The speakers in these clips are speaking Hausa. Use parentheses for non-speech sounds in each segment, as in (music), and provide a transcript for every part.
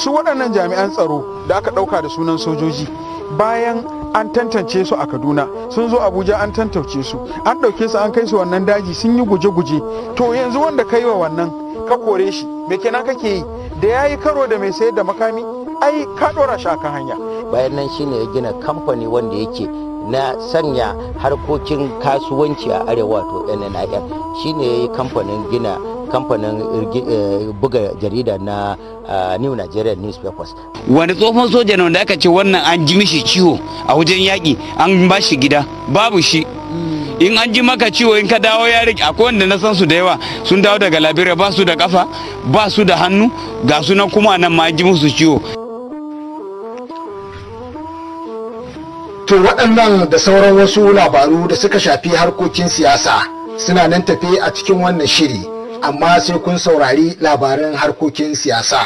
su waɗannan jami'an tsaro da aka ɗauka da sunan sojoji bayan an tantance su a kaduna sun zo abuja an tantance su an ɗauke su an kai su wannan daji sun yi guje-guje to yanzu wanda ka yi wa wannan ka kore shi me kenan kake yi da ya yi karo da mai sayar da makami ai ka ɗora shi akan hanya bayan nan shine ya gina kamfani wanda yake na sanya harkokin kasuwanci a arewa to nnir shine ya yi kamfanin gina kamfanin eh, eh, buga jarida na eh, new nigeria newspapers wani tsohon soja ne wanda aka ce wannan an ji mishi ciwo a wajen yaƙi an ba shi gida babu shi in an ji maka ciwo in ka dawo yari akwai wanda na san su da yawa sun dawo daga labirai, ba su da kafa ba su da hannu ga su nan kuma nan ma ji musu ciwo to waɗannan da sauran wasu labaru da suka shafi harkokin siyasa suna nan tafe a cikin wannan shiri amma sai kun saurari labarin harkokin siyasa.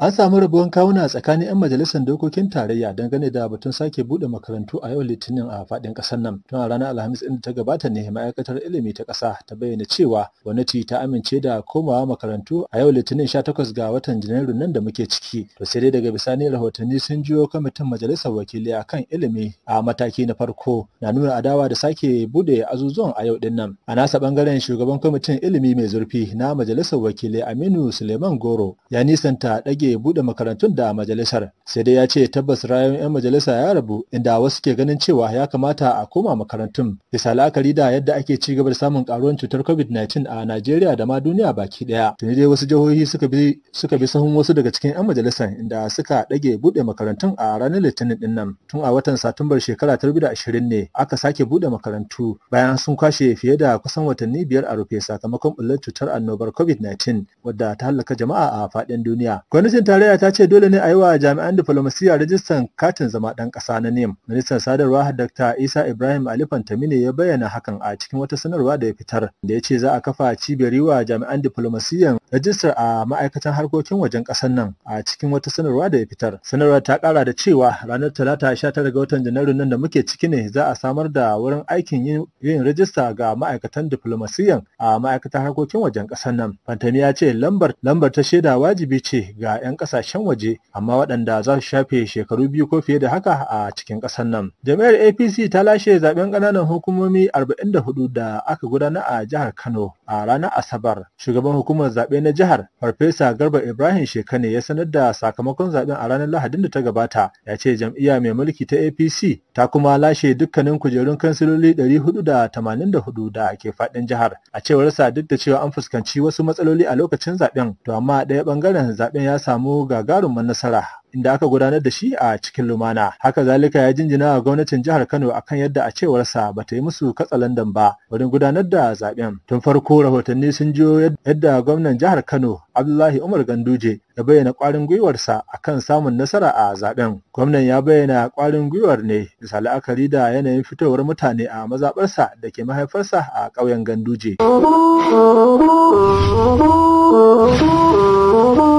An samu rabuwan kawuna tsakanin 'yan majalisar dokokin tarayya dangane da batun sake buɗe makarantu a yau litinin a faɗin ƙasar nan. Tun a ranar Alhamis inda ta gabata ne ma'aikatar ilimi ta ƙasa ta bayyana cewa gwamnati ta amince da komawa makarantu a yau litinin 18 ga watan Janairu nan da muke ciki. To sai dai daga bisani rahotanni sun jiyo kwamitin majalisar wakilai kan ilimi a mataki na farko na nuna adawa da sake buɗe azuzuwan a yau din nan. A nasa bangaren shugaban kwamitin ilimi mai zurfi na majalisar wakilai Aminu Suleiman Goro ya nisanta ɗage sake buɗe makarantun da majalisar sai dai ya ce tabbas rayuwar 'yan majalisa ya rabu inda wasu ke ganin cewa ya kamata a koma makarantun bisa la'akari da yadda ake ci gaba da samun karuwar cutar covid-19 a najeriya da ma duniya baki ɗaya. tuni dai wasu jihohi suka bi suka bi sahun wasu daga cikin 'yan majalisar inda suka dage buɗe makarantun a ranar litinin din nan tun a watan satumbar shekara ta ashirin ne aka sake buɗe makarantu bayan sun kwashe fiye da kusan watanni biyar a rufe sakamakon ɓullar cutar annobar covid-19 wadda ta hallaka jama'a a faɗin duniya gwamnati Gwamnatin tarayya ta ce dole ne a yi wa jami'an diflomasiyya rajistan katin zama ɗan ƙasa na NEM. Ministan sadarwa Dr. Isa Ibrahim Ali Fantami ne ya bayyana hakan a cikin wata sanarwa da ya fitar da ya ce za a kafa cibiyar yi wa jami'an diflomasiyyan rajistar a ma'aikatan harkokin wajen ƙasar nan a cikin wata sanarwa da ya fitar. Sanarwar ta ƙara da cewa ranar Talata sha tara ga watan Janairu nan da muke ciki ne za a samar da wurin aikin yin rajista ga ma'aikatan diflomasiyyan a ma'aikatan harkokin wajen ƙasar nan. Fantami ya ce lambar lambar ta shaida wajibi ce ga 'yan kasashen waje amma waɗanda za su shafe shekaru biyu ko fiye da haka a cikin ƙasar nan. Jami'ar APC ta lashe zaben ƙananan hukumomi 44 da aka gudana a jihar Kano a ranar Asabar. Shugaban hukumar zaɓe na jihar Farfesa Garba Ibrahim Shekane ya sanar da sakamakon zaben a ranar Lahadin da ta gabata. Ya ce jam'iyya mai mulki ta APC ta kuma lashe dukkanin kujerun kansiloli 484 da ke faɗin jihar. A cewarsa duk da cewa an fuskanci wasu matsaloli a lokacin zaɓen, to amma ɗaya ɓangaren zaben ya samu samu gagarumin nasara inda aka gudanar da shi a cikin lumana haka zalika ya jinjina wa gwamnatin jihar kano akan yadda a cewarsa ba ta yi musu katsalandan ba wurin gudanar da zaben tun farko rahotanni sun jiyo yadda gwamnan jihar kano abdullahi umar ganduje ya bayyana kwarin gwiwarsa akan samun nasara a zaben gwamnan ya bayyana kwarin gwiwar ne misali la'akari da yanayin fitowar mutane a mazabarsa da ke mahaifarsa a ƙauyen ganduje (laughs)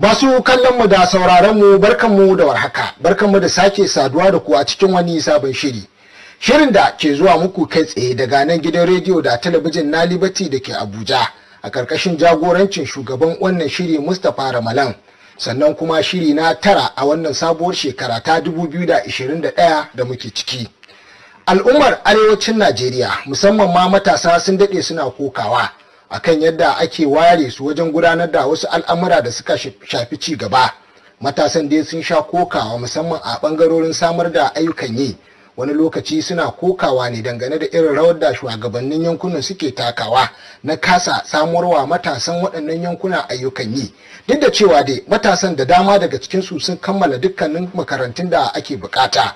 Masu kallon mu da sauraron mu barkan mu da warhaka, barkan mu da sake saduwa da ku a cikin wani sabon shiri. Shirin da ke zuwa muku kai tsaye daga nan gidan rediyo da talabijin na Liberty da ke Abuja a karkashin jagorancin shugaban wannan shiri Mustapha Ramalan. Sannan kuma shiri na tara a wannan sabuwar shekara ta 2021 da muke ciki. Al'ummar arewacin Najeriya musamman ma matasa sun daɗe suna kokawa akan yadda ake ware su wajen gudanar da wasu al'amura da suka shafi ci gaba matasan dai sun sha kokawa musamman a bangarorin samar da ayyukan yi wani lokaci suna kokawa ne dangane da irin rawar da shugabannin yankunan suke takawa na kasa samarwa matasan waɗannan yankuna ayyukan yi duk da cewa dai matasan da dama daga cikin su sun kammala dukkanin makarantun da ake bukata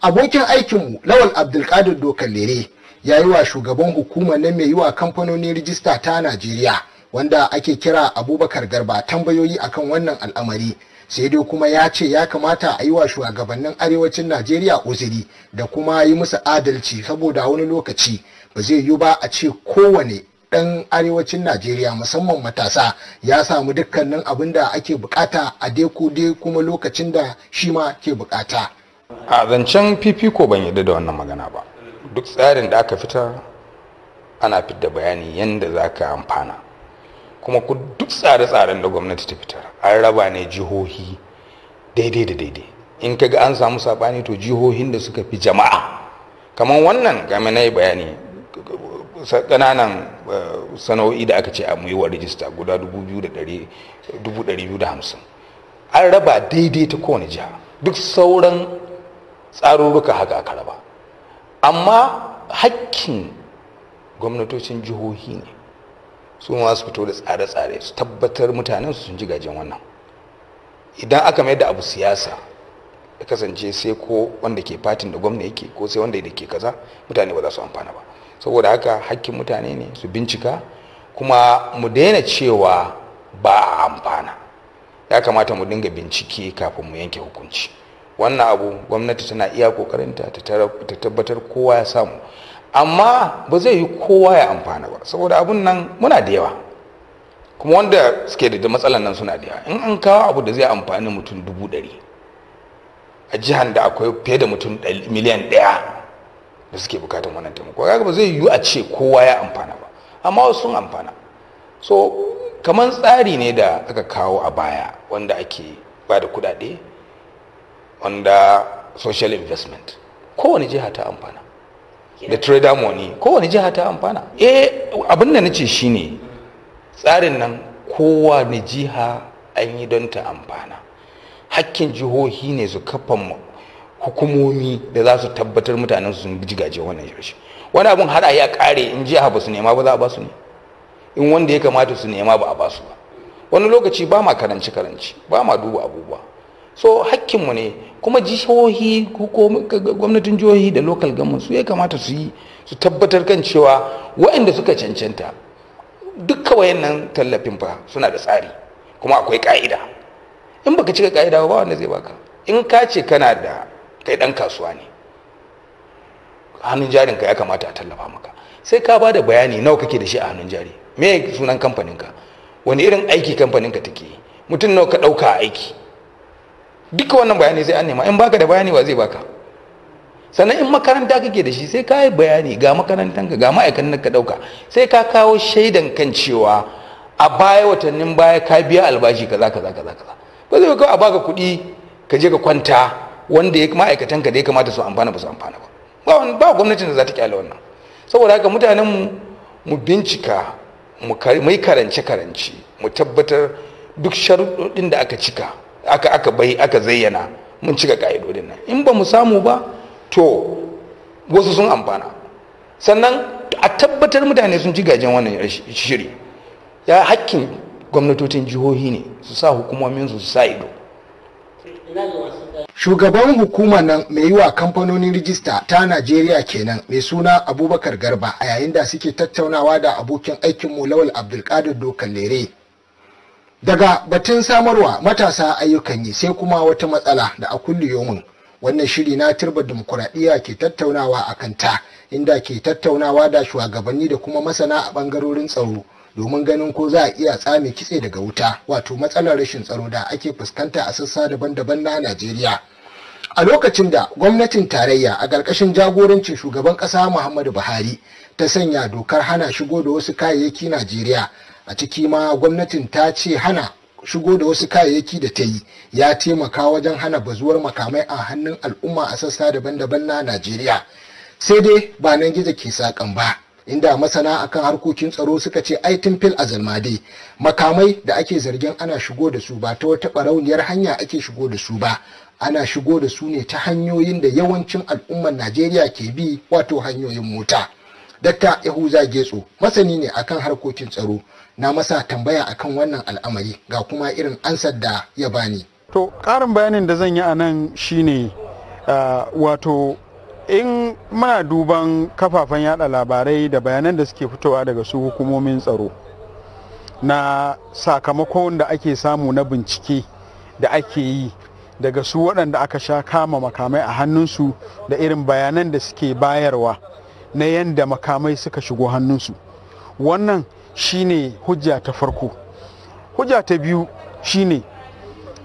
abokin aikinmu lawal abdulkadir dokalere ya yi wa shugaban hukumar nan mai yi wa kamfanonin rijista ta najeriya wanda ake kira abubakar garba tambayoyi akan wannan al'amari sai dai kuma ya ce ya kamata a yi wa shugabannin arewacin najeriya uzuri da kuma yi musu adalci saboda wani lokaci ba zai yi ba a ce kowane ɗan arewacin najeriya musamman matasa ya samu dukkanin abin da ake bukata a deko dai kuma lokacin da shi ma ke bukata a zancen fifiko ban yadda da wannan magana ba duk tsarin da aka fita ana fidda bayani yadda za ka amfana kuma ku duk tsare-tsaren da gwamnati ta fitar an raba ne jihohi daidai da daidai in ka ga an samu saɓani to jihohin da suka fi jama'a kamar wannan game na yi bayani ƙananan eh, sana'o'i da aka ce a muyi wa rijista guda 2,250 an raba daidai ta kowane jiha duk sauran tsarurruka haka aka raba amma hakkin gwamnatocin jihohi ne su ma su fito da tsare-tsare su tabbatar mutanen su sun ji gajen wannan idan aka mai da abu siyasa ya kasance sai ko wanda ke fatin da gwamna yake ko sai wanda yake kaza mutane ba za su amfana ba saboda haka hakkin mutane ne su bincika kuma mu daina cewa ba a amfana ya kamata mu dinga bincike kafin mu yanke hukunci wannan abu gwamnati tana iya kokarinta ta tabbatar kowa ya samu amma ba zai yi kowa ya amfana ba saboda abun nan muna da yawa kuma wanda suke da matsalan nan suna da yawa in an kawo abu da zai amfani mutum dubu ɗari a jihar da akwai fiye da mutum miliyan ɗaya da suke bukatan wannan taimako kaga ba zai yiwu a ce kowa ya amfana ba amma wasu sun amfana so kamar tsari ne da aka kawo a baya wanda ake ba da kuɗaɗe under social investment kowane jiha ta amfana da trader money kowane jiha ta amfana e abin da nace shine tsarin nan kowane jiha an yi don ta amfana hakkin jihohi ne su kafa hukumomi da za su tabbatar mutanen sun jigaje wannan yarshe wani abin har a ya kare in jiha ba su nema ba za a ba su ne in wanda ya kamata su nema ba a ba su ba wani lokaci ba ma karanci karanci ba ma duba abubuwa so hakkinmu ne kuma jihohi ko gwamnatin jihohi da local government su ya kamata su yi su tabbatar kan cewa waɗanda suka cancanta dukka nan tallafin fa suna da tsari kuma akwai ka'ida in baka cika ka'ida ba wanda zai baka in ka ce kana da kai dan kasuwa ne hannun jarinka ya kamata a tallafa maka sai ka ba da bayani nawa kake da shi a hannun jari me sunan kamfaninka wani irin aiki kamfaninka take mutum nawa ka ɗauka aiki duka wannan bayani sai an nema in baka da bayani wa zai baka sannan in makaranta kake da shi sai ka yi bayani ga ka ga ma'aikatan ka ɗauka sai ka kawo shaidan kan cewa a baya watannin baya ka biya albashi kaza kaza kaza kaza ba zai kawo a baka kuɗi ka je ka kwanta wanda ya ka da ya kamata su amfana ba su amfana ba ba gwamnatin da za ta kyale wannan saboda haka mutanen mu bincika mu yi karance karance mu tabbatar duk sharuɗoɗin da aka cika aka aka bai aka zayyana mun cika ka'idodin nan in ba mu samu ba to wasu sun amfana sannan a tabbatar mutane sun ci gajen wannan shiri ya hakkin gwamnatocin jihohi ne su sa hukumomin su sa ido shugaban hukuma nan mai yiwa kamfanonin rijista ta najeriya kenan mai suna abubakar garba a yayin da suke tattaunawa da abokin aikinmu lawal abdulkadir dokan lere daga batun samarwa matasa ayyukan yi sai kuma wata matsala da a kulliyo yomin wannan shiri na turbar dimokuraɗiyya ke tattaunawa a kanta inda ke tattaunawa da shugabanni da kuma masana a ɓangarorin tsaro domin ganin ko za a iya tsame kitse daga wuta wato matsalar rashin tsaro da ake fuskanta a sassa daban-daban na najeriya a lokacin da gwamnatin tarayya a ƙarƙashin jagorancin shugaban ƙasa muhammadu buhari ta sanya dokar hana shigo da wasu kayayyaki najeriya a ciki ma gwamnatin ta ce hana shigo da wasu kayayyaki da ta yi ya taimaka wajen hana bazuwar makamai a hannun al'umma a sassa daban-daban na najeriya sai dai ba nan gizo ke saƙan ba inda masana kan harkokin tsaro suka ce aitin fil a zalmade makamai da ake zargin ana shigo da su ba ta wata barauniyar hanya ake shigo da su ba ana shigo da su ne ta hanyoyin da yawancin al'ummar najeriya ke bi wato hanyoyin mota dakta yahuza getso masani ne akan harkokin tsaro na masa tambaya akan wannan al'amari ga kuma irin ansar da ya bani to karin bayanin da zan yi a nan shine uh, wato in muna duban kafafen yada labarai da bayanan da suke fitowa daga su hukumomin tsaro na sakamakon da ake samu na bincike da ake yi daga su waɗanda aka sha kama makamai a hannunsu da irin bayanan da suke bayarwa na yadda makamai suka shigo hannunsu wannan shine hujja ta farko hujja ta biyu shine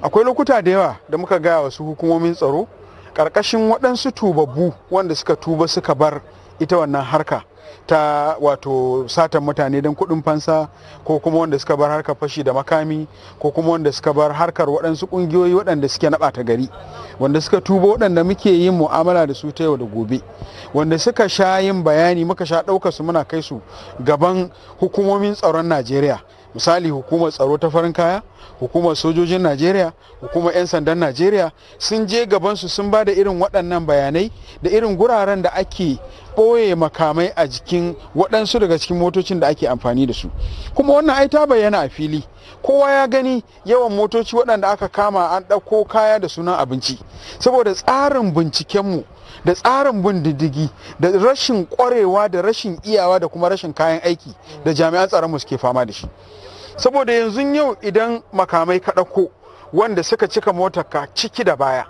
akwai lokuta da yawa da muka gaya wasu hukumomin tsaro ƙarƙashin waɗansu tubabbu wanda suka tuba suka bar ita wannan harka ta wato satan mutane don kuɗin fansa ko kuma wanda suka bar harkar fashi da makami ko kuma wanda suka bar harkar waɗansu ƙungiyoyi waɗanda suke na ɓata gari wanda suka tubo waɗanda muke yin mu'amala da su ta yau da gobe wanda suka sha yin bayani muka sha ɗaukar su muna kai su gaban hukumomin tsaron najeriya misali hukumar tsaro ta farin kaya hukumar sojojin najeriya hukumar 'yan sandan najeriya sun je gabansu sun ba da irin waɗannan bayanai da irin guraren da ake ɓoye makamai a jikin waɗansu daga cikin motocin da ake amfani da su kuma wannan ai ta bayyana a fili kowa ya gani yawan motoci waɗanda aka kama an ɗauko kaya da sunan abinci saboda tsarin bincikenmu mu da tsarin bin da rashin kwarewa da rashin iyawa da kuma rashin kayan aiki da jami'an tsaron mu suke fama da shi saboda yanzu yau idan makamai ka ɗauko wanda suka cika motar ka ciki da baya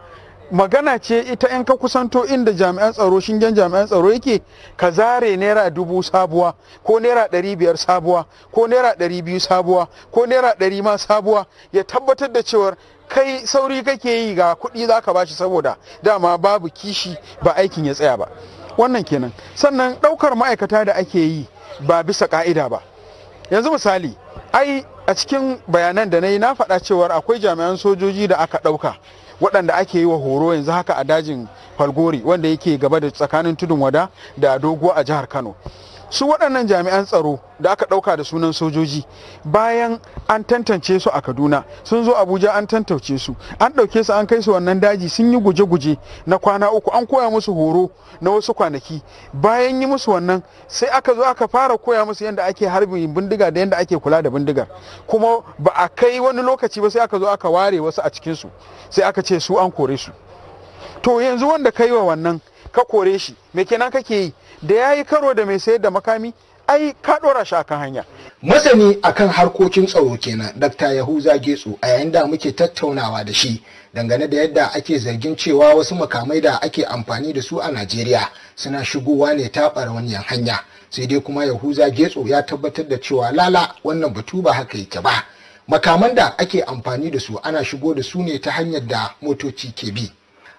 magana ce ita in ka kusanto inda jami'an tsaro shingen jami'an tsaro yake ka zare naira dubu sabuwa ko naira ɗari biyar sabuwa ko naira ɗari biyu sabuwa ko naira ɗari ma sabuwa ya tabbatar da cewar kai sauri kake yi ga kuɗi za ka bashi saboda dama babu kishi ba aikin ya tsaya ba wannan kenan sannan ɗaukar ma'aikata da ake yi ba bisa ƙa'ida ba yanzu misali ai a cikin bayanan da na yi na faɗa cewar akwai jami'an sojoji da aka ɗauka waɗanda ake yi wa horo yanzu haka a dajin falgori wanda yake gaba da tsakanin tudun wada da dogo a jihar kano su waɗannan jami'an tsaro da aka ɗauka da sunan sojoji bayan an tantance su a kaduna sun zo abuja an tantance su an ɗauke su an kai su wannan daji sun yi guje-guje na kwana uku an koya musu horo na wasu kwanaki bayan yi musu wannan sai aka zo aka fara koya musu yadda ake harbin bindiga da yadda ake kula da bindigar kuma ba a kai wani lokaci ba sai aka zo aka ware wasu a cikinsu sai aka ce su an kore su to yanzu wanda ka yi wa wannan ka kore shi me kenan kake yi da ya yi karo da mai sayar da makami ai ka dora shi akan hanya masani akan harkokin tsaro kenan dakta yahuza getso a yayin da muke tattaunawa da shi dangane da yadda ake zargin cewa wasu makamai da ake amfani da su a najeriya suna shigowa ne ta wannan hanya sai dai kuma yahuza getso ya tabbatar da cewa lala wannan batu ba haka yake ba makaman da ake amfani da su ana shigo da su ne ta hanyar da motoci ke bi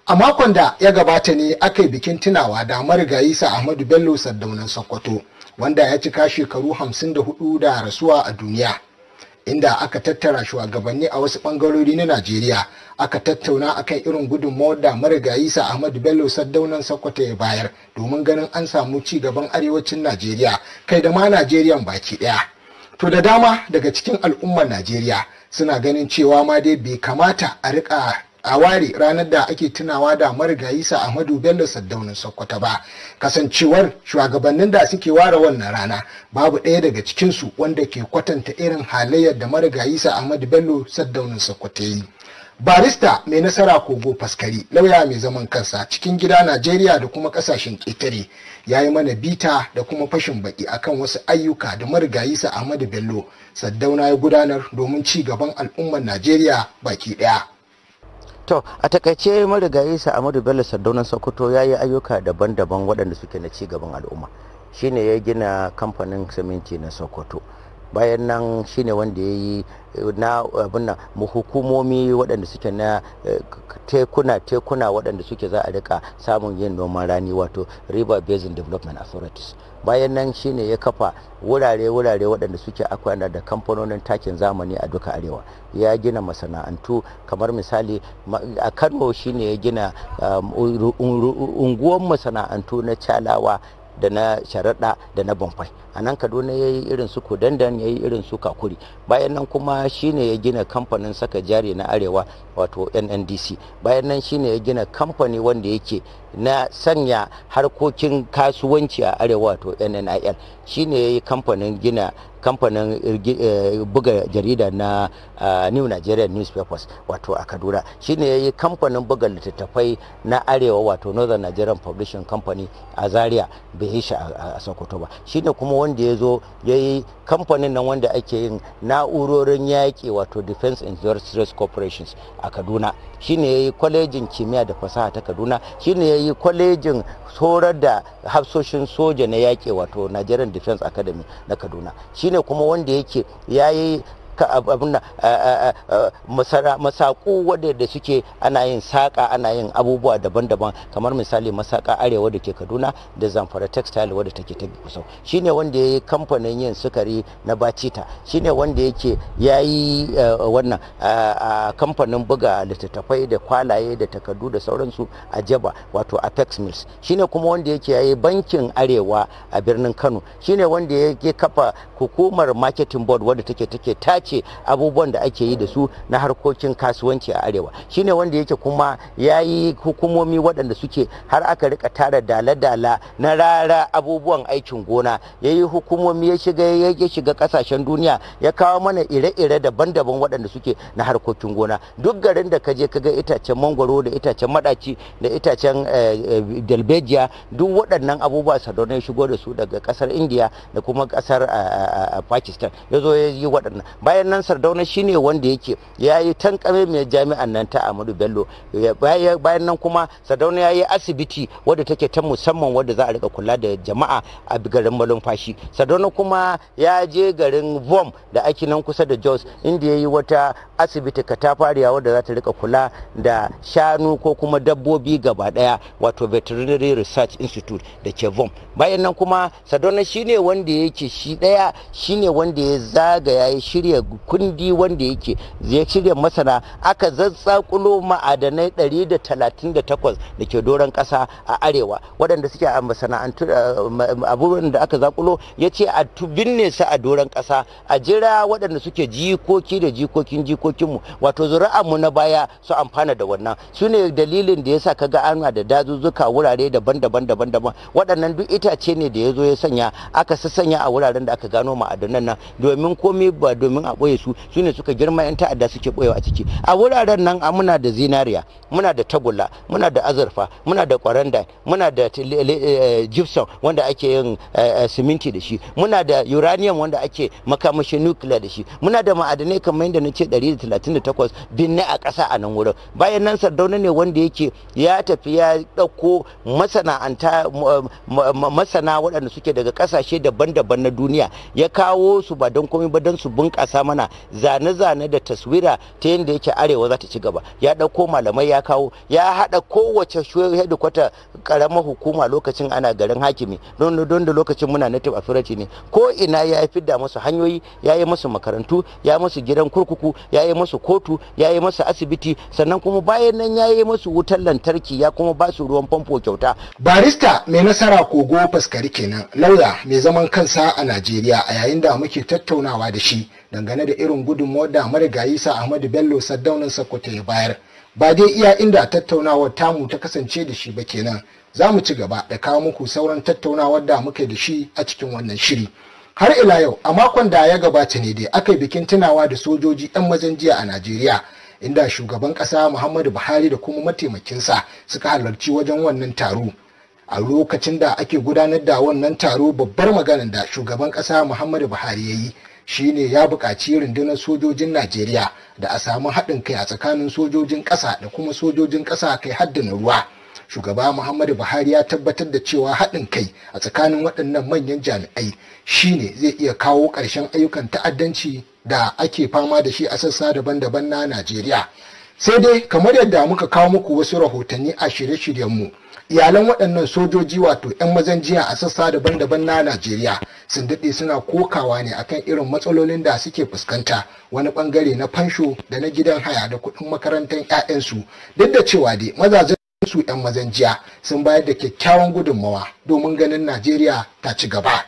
a makon da ya gabata ne aka yi bikin tunawa da marigayi sa ahmadu bello sardaunan sokoto wanda ya cika shekaru 54 da rasuwa a duniya inda aka tattara shugabanni a wasu bangarori na najeriya aka tattauna akan irin gudunmawar da marigayi sa ahmadu bello sardaunan sokoto ya bayar domin ganin an samu ci gaban arewacin najeriya kai da ma najeriyan baki daya to da dama daga cikin al'ummar najeriya suna ganin cewa ma dai bai kamata a rika a ware ranar da ake tunawa da marigayi sa Ahmadu Bello Saddaunin Sokoto ba kasancewar shugabannin da suke ware wannan rana babu ɗaya daga cikinsu wanda ke kwatanta irin halayyar da marigayi sa Ahmadu Bello Saddaunin Sokoto yi barista mai nasara kogo faskari lauya mai zaman kansa cikin gida najeriya da kuma kasashen ƙetare ya yi mana bita da kuma fashin baki akan wasu ayyuka da marigayi ahmadu bello saddauna ya gudanar domin ci gaban al'ummar najeriya baki ɗaya to a takaice marigayi Amadu bello sardaunan sokoto ya yi ayyuka daban-daban waɗanda suke na ci gaban al'umma shine ya gina kamfanin siminti na sokoto bayan nan shine wanda ya yi eh, na abin hukumomi waɗanda suke na eh, tekuna tekuna waɗanda suke za a rika samun yin noman rani wato river basin development authorities bayan nan shine ya kafa wurare-wurare waɗanda suke akwai da kamfanonin takin zamani a duka arewa ya gina masana'antu kamar misali a kano shine ya gina um, unguwan masana'antu na calawa da na sharaɗa da na bamfai a nan kaduna ya yi irin su kudandan ya yi irin su kakuri bayan nan kuma shine ya gina kamfanin saka jari na arewa wato nndc bayan nan shine ya gina kamfani wanda yake na sanya harkokin kasuwanci a arewa wato nnil shine ya yi kamfanin gina kamfanin eh, buga jarida na eh, new nigerian newspapers wato a kaduna shine ya yi kamfanin buga littattafai na arewa wato northern nigerian publishing company a zaria bai yi shi a sokoto ba shine kuma wanda ya zo ya yi kamfanin nan wanda ake yin na'urorin yaƙi wato defense industrial corporations a kaduna shi ne ya yi kwalejin kimiyya da fasaha ta kaduna shi ne ya yi kwalejin horar da hafsoshin soja na yaƙi wato nigerian defense academy na kaduna shi ne kuma wanda yake ya yi masaku wadda suke ana yin saƙa ana yin abubuwa daban-daban kamar misali masaka arewa da ke kaduna da zamfara textile wadda take ta kusau shine wanda ya yi kamfanin yin sukari na bacita shine wanda yake ya yi wannan kamfanin buga littattafai da kwalaye da takardu da sauransu a jaba wato apex mills shine kuma wanda yake ya yi bankin arewa a birnin kano shine wanda ya kafa hukumar marketing board wadda take take tace ce abubuwan da ake yi da su na harkokin kasuwanci a arewa shine wanda yake kuma ya yi hukumomi waɗanda suke har aka rika tara dala-dala na rara abubuwan aikin gona ya yi hukumomi ya shiga ya shiga ƙasashen duniya ya kawo mana ire-ire daban-daban waɗanda suke na harkokin gona duk garin da ka je ka ga itacen mangwaro da itacen madaci da itacen eh, eh, dalbejiya duk waɗannan abubuwa sadonai shigo da su daga ƙasar indiya da kuma ƙasar pakistan ya zo ya yi waɗannan bayan nan sardauna shine wanda yake ya yi tankame mai jami'an nan ta amadu bello bayan nan kuma sardauna ya yi asibiti wadda take ta musamman wadda za a rika kula da jama'a a garin malumfashi sardauna kuma ya je garin vom da ake nan kusa da jos inda ya yi wata asibiti katafariya wadda za ta rika kula da shanu ko kuma dabbobi gaba daya wato veterinary research institute da ke vom bayan nan kuma sardauna shine wanda yake shi daya shine wanda ya zaga ya shirya kundi wanda yake zai shirya masana aka zazzakulo ma'adanai 138 da ke doron ƙasa a arewa waɗanda suke a masana'antu abubuwan da aka zakulo ya ce a binne su a doron kasa a jira waɗanda suke jikoki da jikokin jikokinmu wato mu na baya su amfana da wannan su ne dalilin da ya yasa kaga ana da dazuzzuka wurare daban-daban daban-daban waɗannan duk itace ne da ya zo ya sanya aka sassanya a wuraren da aka gano ma'adanan nan domin komi ba domin a ɓoye su su ne suka girma 'yan ta'adda suke ɓoyewa a ciki a wuraren nan muna da zinariya muna da tagulla muna da azurfa muna da kwaranda muna da eh, eh, gypsum wanda ake yin eh, siminti da shi muna da uranium wanda ake makamashin nuclear da shi muna da ma'adanai kamar yadda na ce 138 binne a ƙasa a nan wurin bayan nan sardauna ne wanda yake ya tafi ya ɗauko masana'anta masana waɗanda suke daga ƙasashe daban-daban na duniya ya kawo su ba don komai ba don su bunƙasa mana zane-zane da taswira ta yadda yake arewa za ta ci gaba ya ɗauko malamai ya kawo ya haɗa kowace kwata karamar hukuma lokacin ana garin hakimi don da lokacin muna na native afirati ne ko ina ya fidda musu hanyoyi ya yi musu makarantu ya musu gidan kurkuku ya yi musu kotu ya yi musu asibiti sannan kuma bayan nan ya yi musu wutar lantarki ya kuma ba su ruwan famfo kyauta barista mai nasara kogo faskari kenan lauya mai zaman kansa a najeriya a yayin da muke tattaunawa da shi dangane da irin gudunmawar da marigayi sa ahmadu bello saddaunan sokoto ya bayar ba dai iya inda tattaunawar tamu ta kasance da shi ba kenan za mu ci gaba da kawo muku sauran tattaunawar da muka da shi a cikin wannan shiri har ila yau a makon da ya gabata ne dai aka yi bikin tunawa da sojoji 'yan mazan jiya a najeriya inda shugaban kasa muhammadu buhari da kuma mataimakinsa suka halarci wajen wannan taro a lokacin da ake gudanar da wannan taro babbar maganar da shugaban kasa muhammadu buhari ya yi shine ya buƙaci rundunar sojojin najeriya da a samu haɗin kai a tsakanin sojojin ƙasa da kuma sojojin ƙasa kai haddana ruwa shugaba muhammadu buhari ya tabbatar da cewa haɗin kai a tsakanin waɗannan manyan jami'ai shine zai iya kawo ƙarshen ayyukan ta'addanci da ake fama da shi a sassa daban-daban na najeriya sai dai kamar yadda muka kawo muku wasu rahotanni a shirye-shiryenmu iyalan waɗannan sojoji wato 'yan mazan jiya a sassa daban-daban na najeriya sun daɗe suna kokawa ne akan irin matsalolin da suke fuskanta wani ɓangare na fansho da na gidan haya da kuɗin makarantar 'ya'yansu duk da cewa dai mazajen su 'yan mazan jiya sun bayar da kyakkyawan gudunmawa domin ganin najeriya ta ci gaba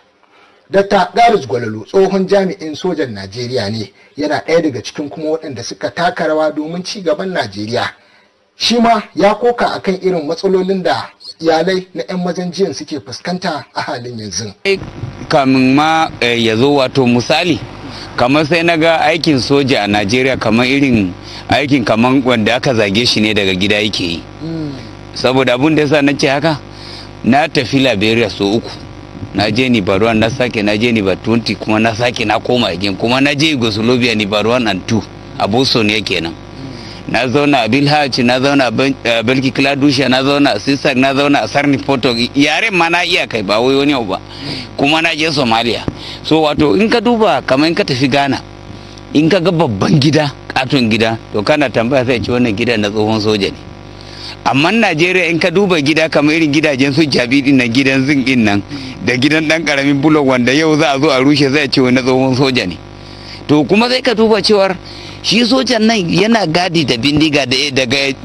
Datta Garis Gwalolo tsohon jami'in sojan Najeriya ne yana ɗaya daga cikin kuma waɗanda suka taka rawa domin ci gaban Najeriya. Shi ma ya koka akan irin matsalolin da iyalai na 'yan mazan jiyan suke fuskanta a halin yanzu. kamin ma eh, ya zo wato misali kamar sai na ga aikin soja a najeriya kamar irin aikin kamar wanda aka zage shi ne daga gida yake yi hmm. saboda abin da yasa na ce haka na tafi liberia so uku na je ni na sake na je ni ba 20 kuma na sake na koma again kuma na je yugoslavia ni and 2 a boston kenan na zauna a bilhaj na zauna a eh, belki na zauna a sisak na zauna a sarni porto yaren ma na iya kai ba wai wani ba kuma na je somalia so wato in ka duba kamar in ka tafi ghana in ka ga babban gida katon gida to kana tambaya sai ce wannan gida na tsohon soja ne amma najeriya in ka duba gida kamar irin gidajen su jabi din nan gidan zin din nan da gidan dan karamin bulon wanda yau za a zo a rushe zai ce wani tsohon soja ne to kuma sai ka duba cewar shi sojan nan yana gadi da bindiga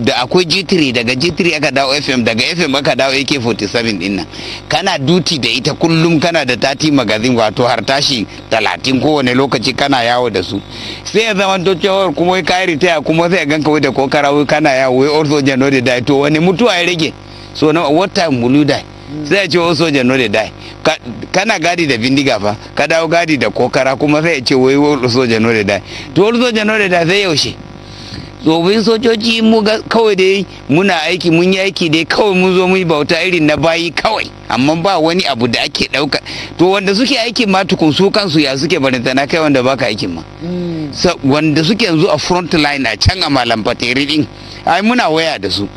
da akwai jitiri daga jitiri aka dawo fm daga fm aka dawo ak-47 din nan kana duti da ita kullum kana da tati magazin wato har tashi talatin kowane lokaci kana yawo da su sai ya zama to cewar kuma wai kayi ritaya kuma sai ya gan kawai da kokara wai kana yawo wai or sojan no da to wani mutuwa ya rage so na what time will you die sai ya ce or sojan no da die kana gadi da bindiga fa ka dawo gadi da kokara kuma sai ya ce wai wani soja no da dai to wani soja no da dai sai yaushe tsofin sojoji mu kawai dai muna aiki mun yi aiki dai kawai mun zo mun bauta irin na bayi kawai amma ba wani abu da ake ɗauka to wanda suke aiki ma tukun su kansu ya suke barantana kai wanda baka aikin ma mm. wanda suke yanzu a front line a can a malam fateri din ai muna waya da su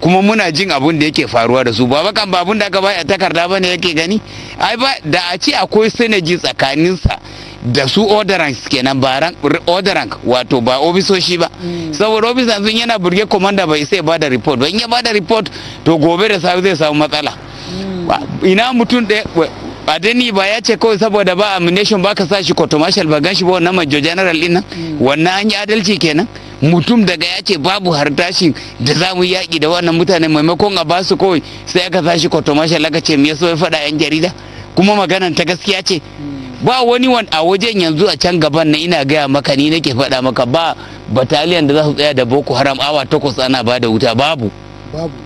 kuma muna jin abun da yake faruwa da su ba kan babun da aka ba takarda bane yake gani ai ba da a ce akwai sanaji tsakaninsa da su orderance kenan ba orderan wato ba ofisoshi ba mm. saboda ofisan sun yana burge commander bai sai ba da report ba in ya ba da report to gobe da safe zai samu matsala mm. ina mutum ɗaya dani ba ya ce kawai saboda ba amination ba ka sa shi kotomashal ba gan shi ba wannan major general ɗin nan mm. wannan an yi adalci kenan mutum daga ya ce babu hartashin da za mu yaƙi da wannan mutane maimakon a basu kawai sai aka sashi kwatomashin laka ce ya so ya faɗa 'yan jarida kuma maganan ta gaskiya ce ba wani wan a wajen yanzu a can gaban na ina gaya maka ni nake faɗa maka ba bataliyan da za su tsaya da boko haram awa takwas ana ba da wuta babu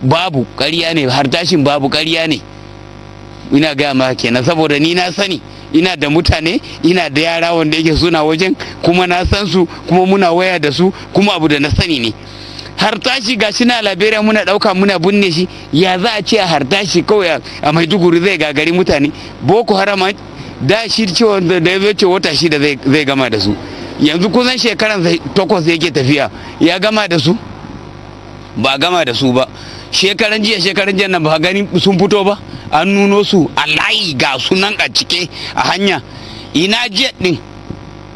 babu ƙarya ne hartashin babu ƙarya ne ina gaya ma kenan saboda ni na sani ina da mutane ina da yara wanda yake suna wajen kuma na san su kuma muna waya da su kuma abu da na sani ne har tashi gashi na labera muna dauka muna binne shi ya za a ce a har tashi kawai a maiduguri zai gagari mutane boko haram da shi cewa da ya ce wata shida zai gama da su yanzu kusan shekaran takwas yake tafiya ya gama da su ba gama da su ba shekaran jiya shekaran jiya nan ba gani sun fito ba an nuno su a layi ga sunan a cike a hanya ina jiya din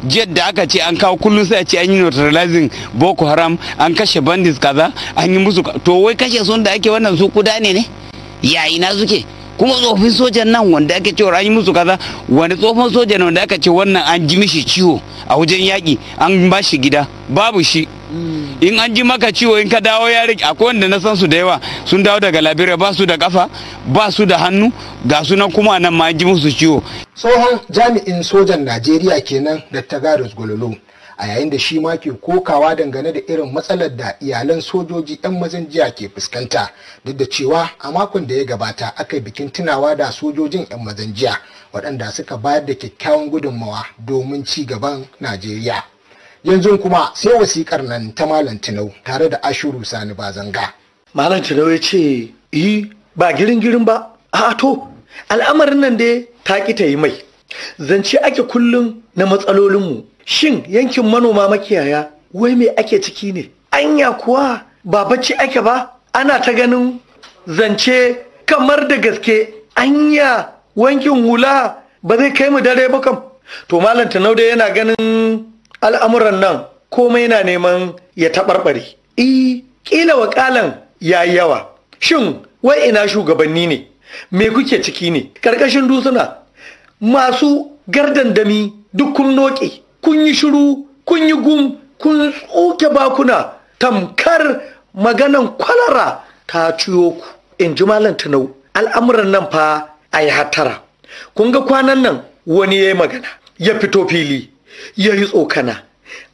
jiya da aka ce an kawo kullum sai a ce an yi neutralizing boko haram an kashe bandits kaza an yi musu to wai kashe sun da ake wannan su kuda ne ne ya ina suke kuma tsofin sojan nan wanda aka ce an yi musu kaza wani tsofin sojan wanda aka ce wannan an ji mishi ciwo a wajen yaƙi an ba shi gida babu shi mm. in an ji maka ciwo in ka dawo ya rike akwai wanda na san su da yawa sun dawo daga labira ba su da kafa ba su da hannu ga sunan kuma nan ma ji musu ciwo tsohon jami'in sojan najeriya kenan da tagarus gololo a yayin da shi ma ke kokawa dangane da irin matsalar da iyalan sojoji 'yan mazan jiya ke fuskanta duk da cewa a makon da ya gabata aka yi bikin tunawa da sojojin 'yan mazan jiya waɗanda suka bayar da kyakkyawan gudunmawa domin ci gaban najeriya yanzu kuma sai wasikar nan ta malam tinau tare da ashuru sani ba bazanga malam tinau ya ce yi ba girin girin ba a to al'amarin nan dai ta ki ta yi mai zance ake kullum na matsalolinmu shin yankin manoma makiyaya wai mai ake ciki ne anya kuwa ba bacci ake ba ana ta ganin zance kamar da gaske anya wankin hula ba zai kai mu dare ba kam to malam tinau dai yana ganin al'amuran nan komai na neman ya taɓarɓare i e, ƙila waƙalan ya yi yawa shin wai ina shugabanni ne me kuke ciki ne ƙarƙashin dutsuna masu gardandami duk kun noƙe kun yi shiru kun yi gum kun tsoke bakuna tamkar maganan kwalara ta ciyo ku in ji malam al'amuran nan fa a yi hatara kun ga kwanan nan wani ya yi magana ya fito fili ya yi tsokana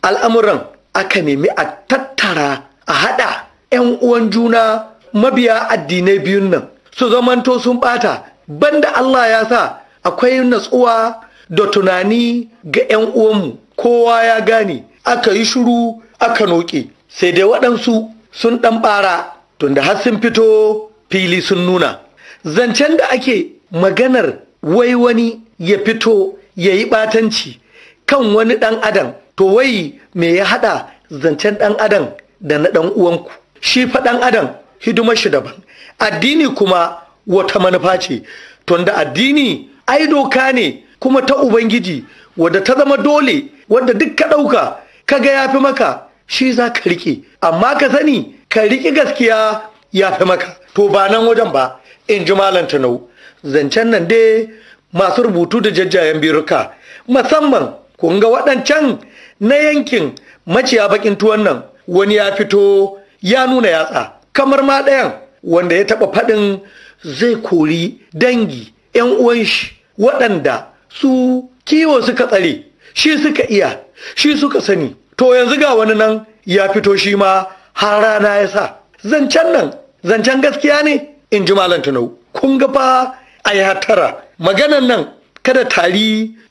al'amuran aka nemi a tattara a haɗa 'yan uwan juna mabiya addinai biyun nan su zamanto sun ɓata banda Allah ya sa akwai natsuwa da tunani ga 'yan uwanmu kowa ya gane aka yi shuru aka noke sai dai waɗansu sun ɗan ɓara tunda har sun fito fili sun nuna zancen da ake maganar wai wani ya fito ya yi ɓatanci kan wani ɗan adam to wai me ya haɗa zancen ɗan adam da na ɗan uwanku shi fa ɗan adam hidimar shi daban addini kuma wata manufa ce tunda addini ai doka ne kuma ta ubangiji wadda ta zama dole wadda duk ka ɗauka ka ga yafi maka shi za ka riƙe amma ka sani ka riƙe gaskiya ya fi maka to ba nan wajen ba in ji malam tunau. zancen nan dai masu rubutu da jajjayen biruka musamman kun ga waɗancan na yankin maciya bakin tuwon nan wani ya fito ya nuna yatsa kamar ma ɗayan wanda ya taɓa faɗin zai kori dangi 'yan uwan shi waɗanda su kiwo suka tsare shi suka iya shi suka sani to yanzu ga wani nan ya fito shi ma har rana ya sa zancen nan zancen gaskiya ne in ji malam tunau kun ga fa a ya tara maganan nan kada tari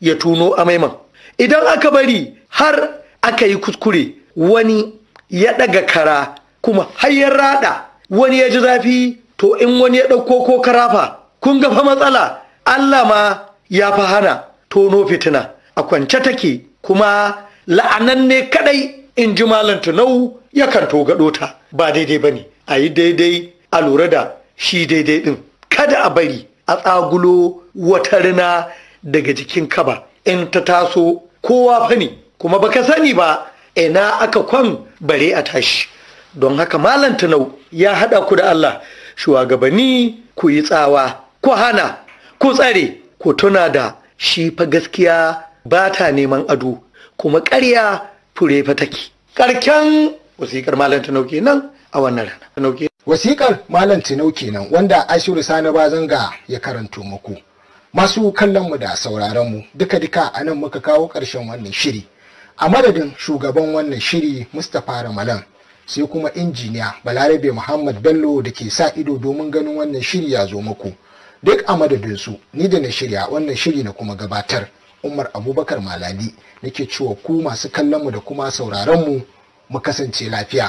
ya tuno amaiman idan aka bari har aka yi kuskure wani ya ɗaga kara kuma har ya rada wani ya ji zafi to in wani ya ɗauko ko karafa kun ga matsala Allah ma ya fi hana tono fitina a kwance take kuma la'anan ne kadai in ji malam tunau yakan togado ta ba daidai bane a yi daidai a lura da shi daidai din kada a bari a tsagulo wata rina daga jikin kaba in ta taso kowa fani kuma baka sani ba ina aka kwan bare a tashi don haka malam tunau ya hada ku da Allah shugabanni ku yi tsawa ku hana ku tsare ku tuna da shi fa gaskiya ba ta neman ado kuma ƙarya fure fa take karken wasikar malam tunau kenan a wannan rana wasikar malam tunau kenan wanda ashiru sani ba zanga ya karanto muku masu kallon mu da sauraron mu duka duka a nan muka kawo ƙarshen wannan shiri a madadin shugaban wannan shiri mustapha ramalan sai kuma injiniya balarabe muhammad bello da ke sa ido domin ganin wannan shiri ya zo muku duk a madadinsu ni da na shirya wannan shiri na kuma gabatar umar abubakar malali nake cewa ku masu kallon mu da kuma sauraron mu mu kasance lafiya